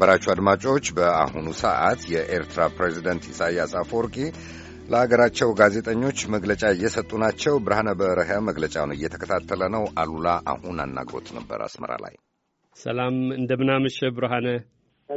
የተከበራችሁ አድማጮች በአሁኑ ሰዓት የኤርትራ ፕሬዚደንት ኢሳያስ አፈወርቂ ለአገራቸው ጋዜጠኞች መግለጫ እየሰጡ ናቸው። ብርሃነ በረሀ መግለጫውን እየተከታተለ ነው። አሉላ አሁን አናግሮት ነበር አስመራ ላይ። ሰላም እንደምናመሸ ብርሃነ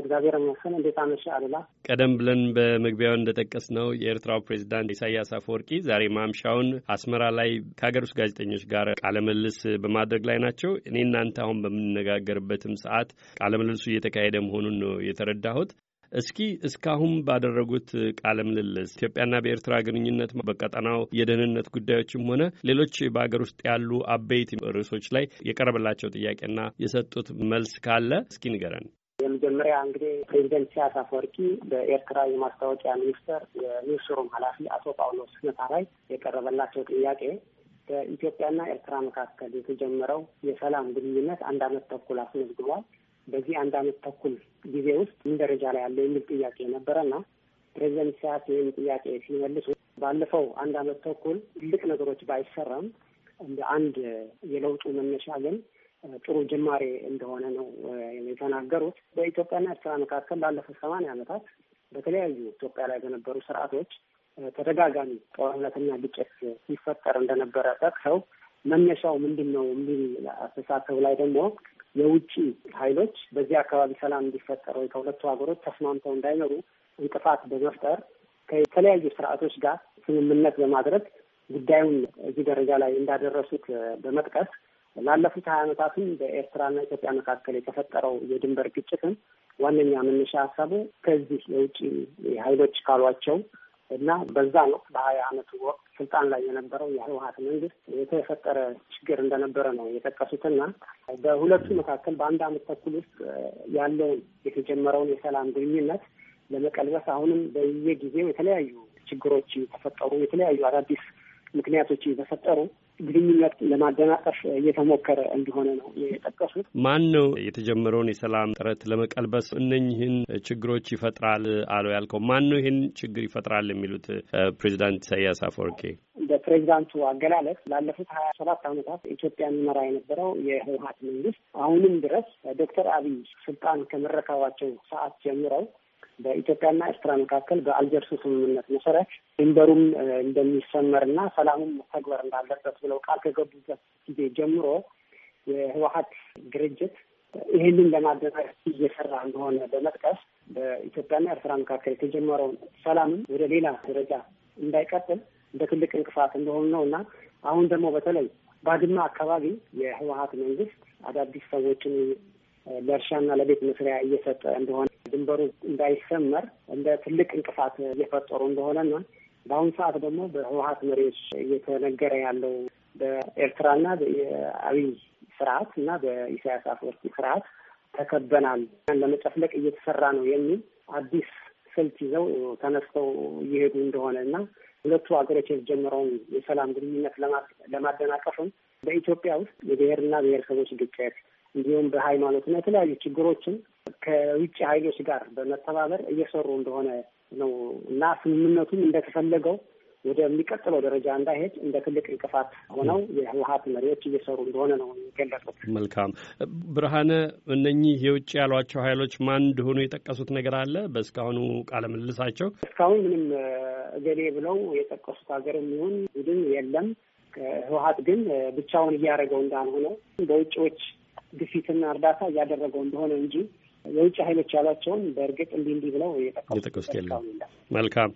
እግዚአብሔር ይመስገን። እንዴት አመሻ አሉላ። ቀደም ብለን በመግቢያው እንደጠቀስ ነው የኤርትራው ፕሬዚዳንት ኢሳያስ አፈወርቂ ዛሬ ማምሻውን አስመራ ላይ ከሀገር ውስጥ ጋዜጠኞች ጋር ቃለምልልስ በማድረግ ላይ ናቸው። እኔ እናንተ አሁን በምንነጋገርበትም ሰዓት ቃለምልልሱ እየተካሄደ መሆኑን ነው የተረዳሁት። እስኪ እስካሁን ባደረጉት ቃለ ምልልስ ኢትዮጵያና በኤርትራ ግንኙነት በቀጠናው የደህንነት ጉዳዮችም ሆነ ሌሎች በሀገር ውስጥ ያሉ አበይት ርዕሶች ላይ የቀረበላቸው ጥያቄና የሰጡት መልስ ካለ እስኪ ንገረን። በመጀመሪያ እንግዲህ ፕሬዚደንት ኢሳያስ አፈወርቂ በኤርትራ የማስታወቂያ ሚኒስቴር የሚኒስትሩም ኃላፊ አቶ ጳውሎስ ላይ የቀረበላቸው ጥያቄ በኢትዮጵያና ኤርትራ መካከል የተጀመረው የሰላም ግንኙነት አንድ ዓመት ተኩል አስመዝግቧል። በዚህ አንድ ዓመት ተኩል ጊዜ ውስጥ ምን ደረጃ ላይ ያለው የሚል ጥያቄ ነበረና ፕሬዚደንት ኢሳያስ ይህን ጥያቄ ሲመልሱ ባለፈው አንድ ዓመት ተኩል ትልቅ ነገሮች ባይሰራም እንደ አንድ የለውጡ መነሻ ግን ጥሩ ጅማሬ እንደሆነ ነው የተናገሩት። በኢትዮጵያና ኤርትራ መካከል ላለፉት ሰማንያ ዓመታት በተለያዩ ኢትዮጵያ ላይ በነበሩ ስርዓቶች ተደጋጋሚ ጦርነትና ግጭት ሲፈጠር እንደነበረ ጠቅሰው መነሻው ምንድን ነው የሚል አስተሳሰብ ላይ ደግሞ የውጭ ኃይሎች በዚህ አካባቢ ሰላም እንዲፈጠር ወይ ከሁለቱ ሀገሮች ተስማምተው እንዳይኖሩ እንቅፋት በመፍጠር ከተለያዩ ስርዓቶች ጋር ስምምነት በማድረግ ጉዳዩን እዚህ ደረጃ ላይ እንዳደረሱት በመጥቀስ ላለፉት ሀያ ዓመታትም በኤርትራና ኢትዮጵያ መካከል የተፈጠረው የድንበር ግጭትም ዋነኛ መነሻ ሀሳቡ ከዚህ የውጭ ኃይሎች ካሏቸው እና በዛ ወቅት በሀያ ዓመቱ ወቅት ስልጣን ላይ የነበረው የህወሀት መንግስት የተፈጠረ ችግር እንደነበረ ነው የጠቀሱትና በሁለቱ መካከል በአንድ አመት ተኩል ውስጥ ያለውን የተጀመረውን የሰላም ግንኙነት ለመቀልበስ አሁንም በየጊዜው የተለያዩ ችግሮች እየተፈጠሩ የተለያዩ አዳዲስ ምክንያቶች እየተፈጠሩ ግንኙነት ለማደናቀፍ እየተሞከረ እንደሆነ ነው የጠቀሱት። ማን ነው የተጀመረውን የሰላም ጥረት ለመቀልበስ እነኝህን ችግሮች ይፈጥራል አሉ ያልከው ማን ነው? ይህን ችግር ይፈጥራል የሚሉት ፕሬዚዳንት ኢሳያስ አፈወርቄ በፕሬዚዳንቱ አገላለጽ ላለፉት ሀያ ሰባት ዓመታት ኢትዮጵያን መራ የነበረው የህወሀት መንግስት አሁንም ድረስ ዶክተር አብይ ስልጣን ከመረከባቸው ሰዓት ጀምረው በኢትዮጵያና ኤርትራ መካከል በአልጀርሱ ስምምነት መሰረት ድንበሩም እንደሚሰመርና ሰላሙም መተግበር እንዳለበት ብለው ቃል ከገቡበት ጊዜ ጀምሮ የህወሀት ድርጅት ይህንን ለማደናቀፍ እየሰራ እንደሆነ በመጥቀስ በኢትዮጵያና ኤርትራ መካከል የተጀመረውን ሰላምም ወደ ሌላ ደረጃ እንዳይቀጥል እንደ ትልቅ እንቅፋት እንደሆኑ ነው እና አሁን ደግሞ በተለይ ባድማ አካባቢ የህወሀት መንግስት አዳዲስ ሰዎችን ለእርሻና ለቤት መስሪያ እየሰጠ እንደሆነ ድንበሩ እንዳይሰመር እንደ ትልቅ እንቅፋት እየፈጠሩ እንደሆነና በአሁኑ ሰዓት ደግሞ በህወሀት መሪዎች እየተነገረ ያለው በኤርትራና የአብይ ስርዓት እና በኢሳያስ አፈወርቂ ስርዓት ተከበናል፣ ለመጨፍለቅ እየተሰራ ነው የሚል አዲስ ስልት ይዘው ተነስተው እየሄዱ እንደሆነ እና ሁለቱ ሀገሮች የተጀመረውን የሰላም ግንኙነት ለማደናቀፍም በኢትዮጵያ ውስጥ የብሔርና ብሔረሰቦች ግጭት እንዲሁም በሃይማኖትና የተለያዩ ችግሮችን ከውጭ ኃይሎች ጋር በመተባበር እየሰሩ እንደሆነ ነው እና ስምምነቱም እንደተፈለገው ወደሚቀጥለው ደረጃ እንዳይሄድ እንደ ትልቅ እንቅፋት ሆነው የህወሀት መሪዎች እየሰሩ እንደሆነ ነው የገለጹት። መልካም ብርሃነ፣ እነኚህ የውጭ ያሏቸው ኃይሎች ማን እንደሆኑ የጠቀሱት ነገር አለ? በእስካሁኑ ቃለ ምልልሳቸው እስካሁን ምንም እገሌ ብለው የጠቀሱት ሀገር የሚሆን ቡድን የለም። ህወሀት ግን ብቻውን እያደረገው እንዳልሆነ በውጭዎች ግፊትና እርዳታ እያደረገው እንደሆነ እንጂ የውጭ ኃይሎች ያሏቸውን በእርግጥ እንዲህ እንዲህ ብለው እየጠቀሱት የለም። መልካም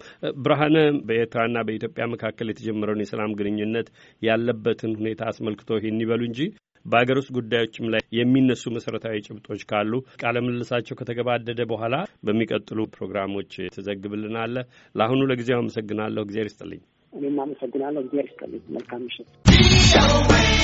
ብርሃነ፣ በኤርትራና በኢትዮጵያ መካከል የተጀመረውን የሰላም ግንኙነት ያለበትን ሁኔታ አስመልክቶ ይህን ይበሉ እንጂ በሀገር ውስጥ ጉዳዮችም ላይ የሚነሱ መሰረታዊ ጭብጦች ካሉ ቃለ ምልልሳቸው ከተገባደደ በኋላ በሚቀጥሉ ፕሮግራሞች ትዘግብልናለህ። ለአሁኑ ለጊዜው አመሰግናለሁ። እግዜር ይስጥልኝ። እኔም አመሰግናለሁ። እግዚአብሔር ይስጥልኝ። መልካም ምሽት።